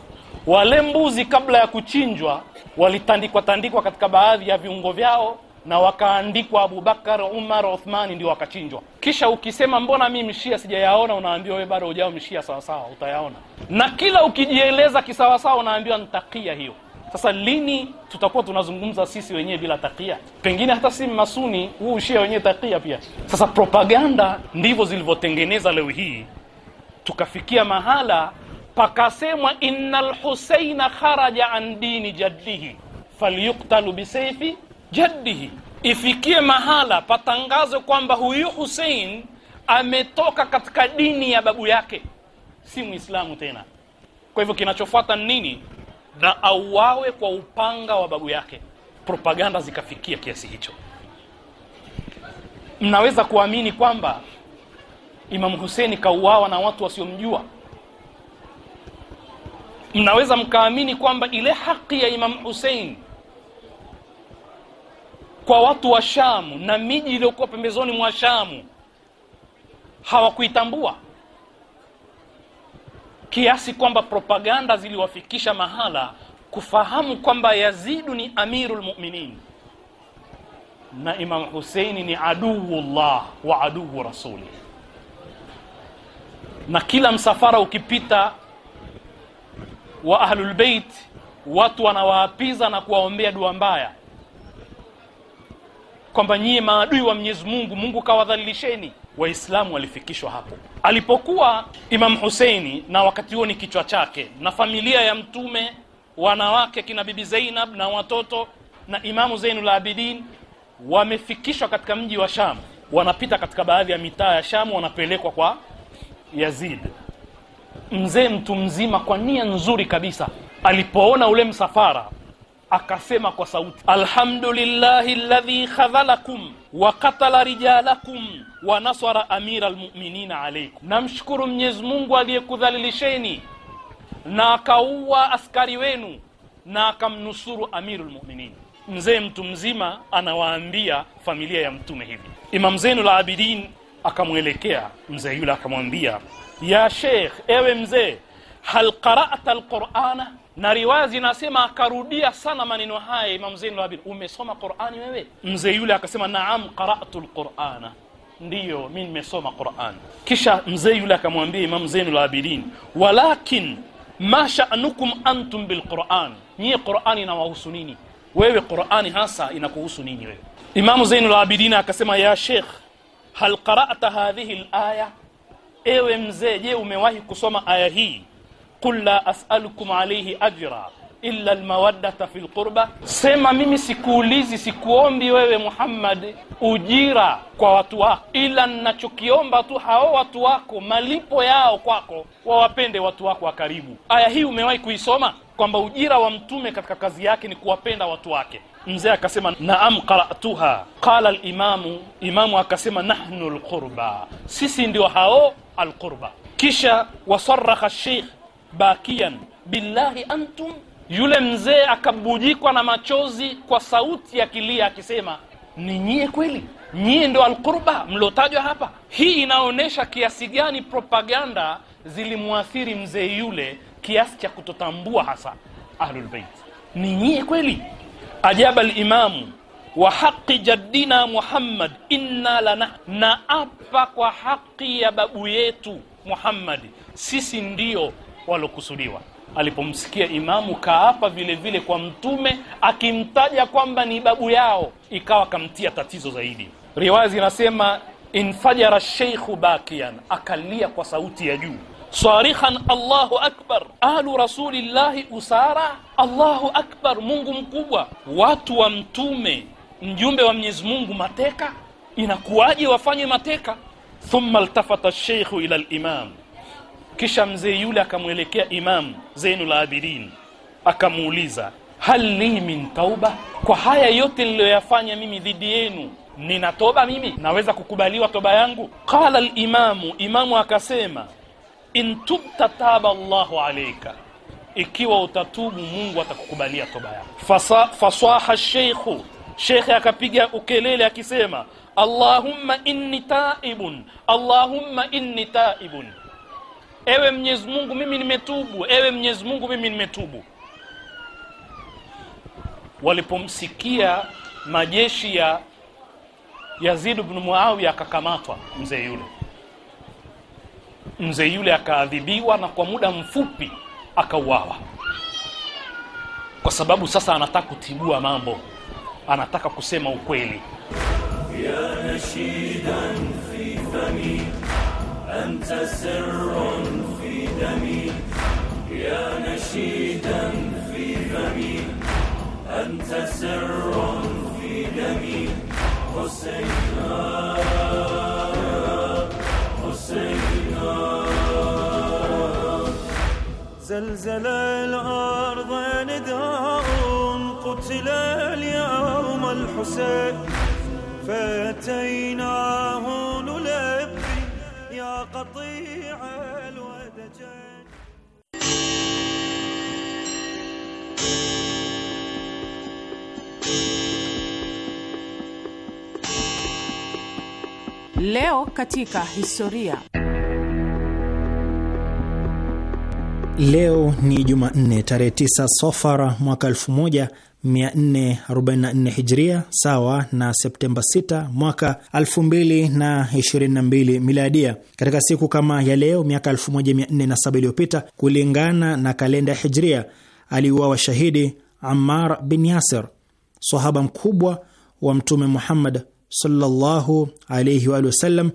wale mbuzi kabla ya kuchinjwa walitandikwa tandikwa katika baadhi ya viungo vyao na wakaandikwa Abubakar, Umar, Uthmani ndio wakachinjwa. Kisha ukisema mbona mi mshia sijayaona, unaambiwa we bado hujao mshia sawasawa, utayaona. Na kila ukijieleza kisawasawa, unaambiwa ntakia hiyo sasa lini tutakuwa tunazungumza sisi wenyewe bila takia? Pengine hata si masuni huu ushia wenyewe takia pia. Sasa propaganda ndivyo zilivyotengeneza leo hii, tukafikia mahala pakasemwa, innal husaina kharaja an dini jaddihi falyuktalu bisaifi jaddihi, ifikie mahala patangazwe kwamba huyu Hussein ametoka katika dini ya babu yake, si Muislamu tena. Kwa hivyo kinachofuata ni nini? na auawe kwa upanga wa babu yake propaganda zikafikia kiasi hicho mnaweza kuamini kwamba imamu Huseni kauawa na watu wasiomjua mnaweza mkaamini kwamba ile haki ya imamu husein kwa watu wa Shamu na miji iliyokuwa pembezoni mwa Shamu hawakuitambua kiasi kwamba propaganda ziliwafikisha mahala kufahamu kwamba Yazidu ni amiru lmuminin na Imam Huseini ni llah wa aduwu rasuli, na kila msafara ukipita wa Ahlulbeit watu wanawaapiza na kuwaombea dua mbaya kwamba nyie maadui wa Mwenyezi Mungu, Mungu kawadhalilisheni. Waislamu walifikishwa hapo alipokuwa Imam Huseini, na wakati huo ni kichwa chake na familia ya Mtume, wanawake kina Bibi Zainab na watoto na Imamu Zainul Abidin wamefikishwa katika mji wa Sham, wanapita katika baadhi ya mitaa ya Sham, wanapelekwa kwa Yazid. Mzee mtu mzima kwa nia nzuri kabisa, alipoona ule msafara akasema kwa sauti, alhamdulillahi ladhi khadhalakum wa katala rijalakum wa nasara amira almu'minina alaikum, namshukuru Mwenyezi Mungu aliyekudhalilisheni na akaua askari wenu na akamnusuru amiru lmuminin. Mzee mtu mzima anawaambia familia ya mtume hivi. Imam Zainul Abidin akamwelekea mzee yule akamwambia, ya sheikh, ewe mzee, hal qara'ta alqur'ana na riwaya zinasema akarudia sana maneno haya Imam Zain al Abidin, umesoma Qur'ani wewe? Mzee yule akasema naam, qara'tu al-Qur'ana, ndiyo mimi nimesoma Qur'an. Kisha mzee yule akamwambia Imam Zain al Abidin, walakin ma sha'nukum antum bilquran, nyie Qur'ani inawahusu nini? Wewe Qur'ani hasa inakuhusu nini wewe? Imam Zain al Abidin akasema, ya Sheikh, hal qara'ta hadhihi al-aya, ewe mzee, je umewahi kusoma aya hii qul la as'alukum alayhi ajra illa almawaddata fil qurba, sema mimi sikuulizi, sikuombi wewe Muhammad ujira kwa watu wako, ila ninachokiomba tu hao watu wako malipo yao kwako, wawapende watu wako wa karibu. Aya hii umewahi kuisoma kwamba ujira wa mtume katika kazi yake ni kuwapenda watu wake. Mzee akasema naam qara'tuha, qala alimamu, imamu akasema nahnu alqurba, sisi ndio hao alqurba. Kisha wasaraha sheikh bakian billahi antum yule mzee akabujikwa na machozi kwa sauti ya kilia akisema ni nyie kweli nyie ndo alqurba mliotajwa hapa hii inaonyesha kiasi gani propaganda zilimwathiri mzee yule kiasi cha kutotambua hasa ahlulbeit ni nyie kweli ajaba limamu wa haqi jaddina muhammad inna lana na apa kwa haqi ya babu yetu muhammadi sisi ndio walokusudiwa alipomsikia imamu kaapa vile vile kwa mtume akimtaja kwamba ni babu yao ikawa kamtia tatizo zaidi riwaya zinasema infajara sheikhu bakian akalia kwa sauti ya juu sarihan Allahu akbar ahlu rasulillahi usara allahu akbar Mungu mkubwa watu wa mtume mjumbe wa Mwenyezi Mungu mateka inakuwaje wafanye mateka thumma ltafata sheikhu ila limam kisha mzee yule akamwelekea Imam zeinulabidin Abidin akamuuliza hal li min tauba kwa haya yote niliyoyafanya mimi dhidi yenu nina toba mimi naweza kukubaliwa toba yangu qala alimamu imamu akasema in tubta taba llahu alayka ikiwa utatubu Mungu atakukubalia toba yako fasaha sheikhu shekhe akapiga ukelele akisema Allahumma inni taibun Allahumma inni taibun ewe Mwenyezi Mungu mimi nimetubu ewe Mwenyezi Mungu mimi nimetubu walipomsikia majeshi ya Yazid ibn Muawiya akakamatwa mzee yule mzee yule akaadhibiwa na kwa muda mfupi akauawa kwa sababu sasa anataka kutibua mambo anataka kusema ukweli ya nashidan fi أنت سر في دمي يا نشيدا في فمي أنت سر في دمي حسينا حسينا زلزل الأرض نداء قتل اليوم الحسين فأتيناه قطيع Leo katika historia. Leo ni Jumanne tarehe 9 Sofara mwaka 1400 444 hijria sawa na Septemba 6 mwaka 2022 miladia. Katika siku kama ya leo miaka 1407 iliyopita kulingana na kalenda hijria, aliuawa shahidi Ammar bin Yasir, sahaba mkubwa wa Mtume Muhammad sallallahu alayhi wa sallam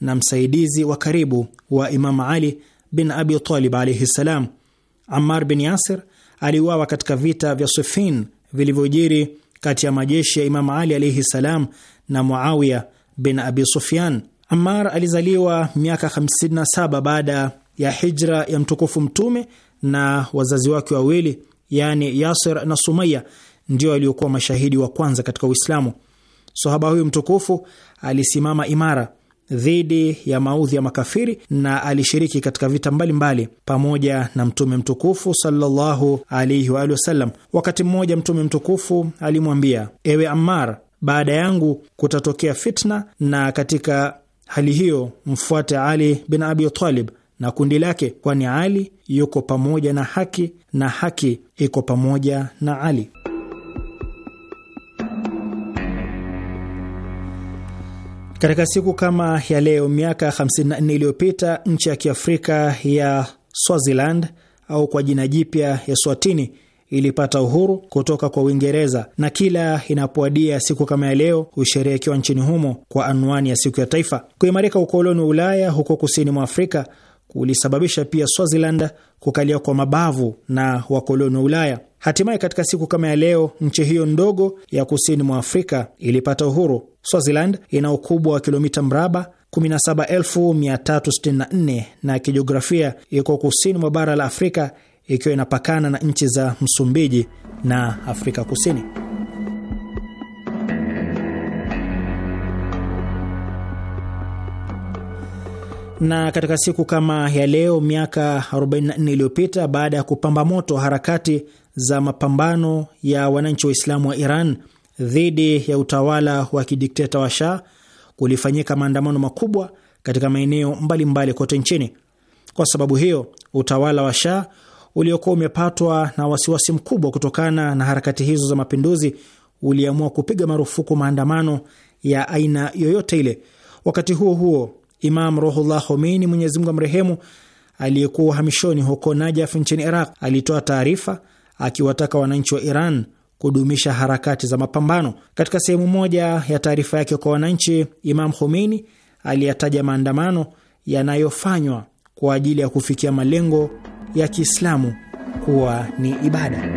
na msaidizi wa karibu wa Imam Ali bin Abi Talib alayhi salam. Ammar bin Yasir aliuawa katika vita vya Siffin vilivyojiri kati ya majeshi ya Imam Ali alaihi salam na Muawiya bin Abi Sufyan. Ammar alizaliwa miaka 57 baada ya hijra ya mtukufu Mtume, na wazazi wake wawili yaani Yasir na Sumaya ndio waliokuwa mashahidi wa kwanza katika Uislamu. Sahaba huyu mtukufu alisimama imara dhidi ya maudhi ya makafiri na alishiriki katika vita mbalimbali mbali, pamoja na mtume mtukufu sallallahu alaihi waalihi wasallam. Wakati mmoja mtume mtukufu alimwambia, ewe Ammar, baada yangu kutatokea fitna, na katika hali hiyo mfuate Ali bin Abi Talib na kundi lake, kwani Ali yuko pamoja na haki na haki iko pamoja na Ali. Katika siku kama ya leo miaka 54 iliyopita nchi ya kiafrika ya Swaziland au kwa jina jipya ya Swatini ilipata uhuru kutoka kwa Uingereza, na kila inapoadia siku kama ya leo husherehekewa nchini humo kwa anwani ya siku ya taifa. Kuimarika ukoloni wa Ulaya huko kusini mwa Afrika kulisababisha pia Swaziland kukalia kwa mabavu na wakoloni wa Ulaya. Hatimaye katika siku kama ya leo nchi hiyo ndogo ya kusini mwa Afrika ilipata uhuru. Swaziland ina ukubwa wa kilomita mraba 17364 na kijiografia iko kusini mwa bara la Afrika ikiwa inapakana na nchi za Msumbiji na Afrika Kusini. Na katika siku kama ya leo miaka 44 iliyopita, baada ya kupamba moto harakati za mapambano ya wananchi Waislamu wa Iran dhidi ya utawala wa kidikteta wa Shah kulifanyika maandamano makubwa katika maeneo mbalimbali kote nchini. Kwa sababu hiyo, utawala wa Shah uliokuwa umepatwa na wasiwasi mkubwa kutokana na harakati hizo za mapinduzi uliamua kupiga marufuku maandamano ya aina yoyote ile. Wakati huo huo, Imam Ruhullah Khomeini, Mwenyezi Mungu amrehemu, aliyekuwa uhamishoni huko Najaf nchini Iraq, alitoa taarifa akiwataka wananchi wa Iran kudumisha harakati za mapambano. Katika sehemu moja ya taarifa yake kwa wananchi, Imam Khomeini aliyataja maandamano yanayofanywa kwa ajili ya kufikia malengo ya Kiislamu kuwa ni ibada.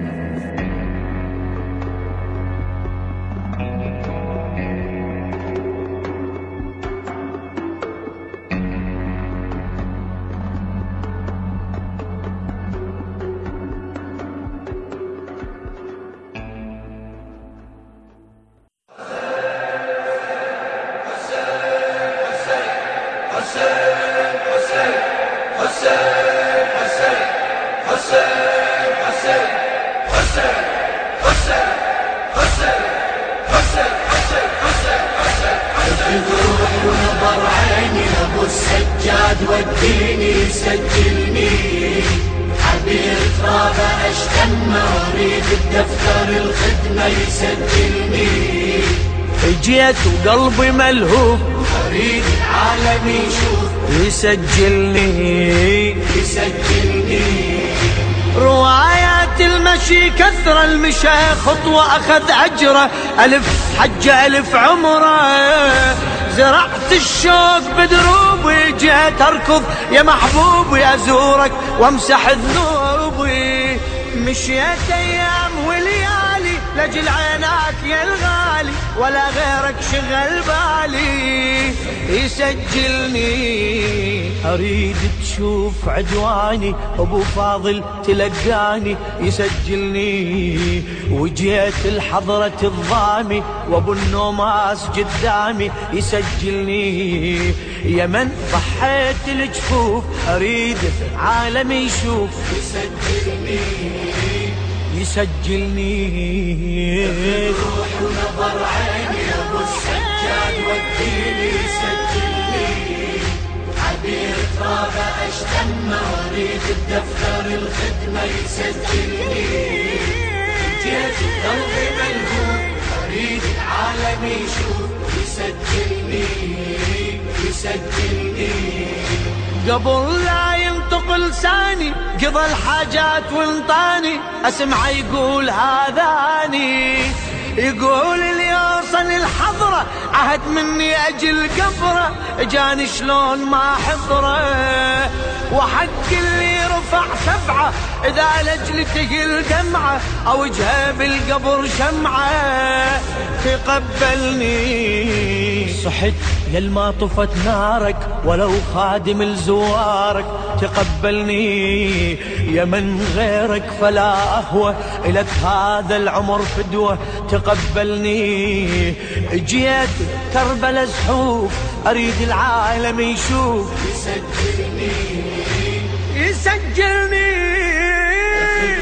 سجاد وديني سجلني حبيب رابع اشتم اريد الدفتر الخدمة يسجلني اجيت وقلبي ملهوف اريد العالم يشوف يسجلني يسجلني روايات المشي كثر المشى خطوة أخذ أجره ألف حجة ألف عمره زرعت الشوق بدروب قلبي جيت اركض يا محبوبي ازورك وامسح ذنوبي مشيت ايام وليالي لاجل عيناك يا ولا غيرك شغل بالي يسجلني اريد تشوف عدواني ابو فاضل تلقاني يسجلني وجيت الحضرة الضامي وابو النوماس قدامي يسجلني يا من ضحيت الجفوف اريد عالمي يشوف يسجلني يسجلني روح ونظر عيني ابو السجاد وديني يسجلني عبير ترابه اشتم واريد الدفتر الخدمه يسجلني جيت قلبي ملهوم اريد العالم يشوف يسجلني يسجلني قبل لا ينطق لساني قضى الحاجات وانطاني اسمع يقول هذاني يقول اللي يوصل الحضرة عهد مني اجل قبره جاني شلون ما حضره وحق اللي رفع سبعة إذا لجل تقل دمعة أو وجهه بالقبر شمعة تقبلني صحت يل ما طفت نارك ولو خادم لزوارك تقبلني يا من غيرك فلا أهوى إلك هذا العمر فدوة تقبلني جيت كربلا زحوف أريد العالم يشوف يسجلني يسجلني في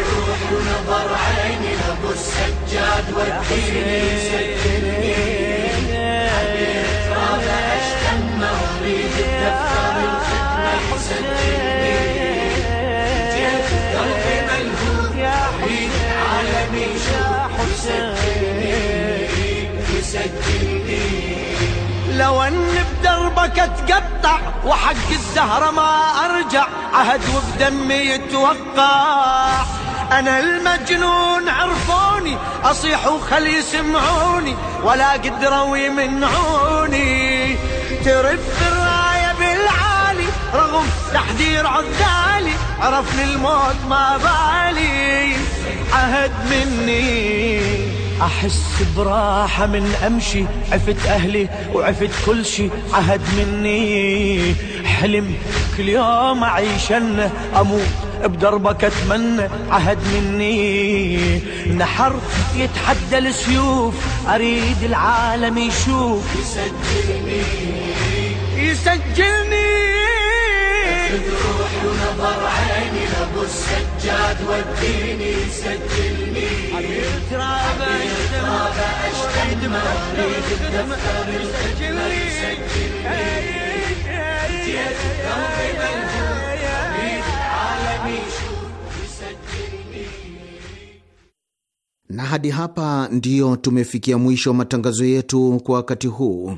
ونظر عيني ابو السجاد وديني لو ان بدربك اتقطع وحق الزهرة ما ارجع عهد وبدمي يتوقع انا المجنون عرفوني اصيح وخلي يسمعوني ولا قدروا يمنعوني ترف الراية بالعالي رغم تحذير عذالي عرفني الموت ما بالي عهد مني أحس براحة من أمشي عفت أهلي وعفت كل شي عهد مني حلم كل يوم أعيشن أموت بدربك أتمنى عهد مني نحر يتحدى السيوف أريد العالم يشوف يسجلني يسجلني na hadi hapa ndiyo tumefikia mwisho wa matangazo yetu kwa wakati huu.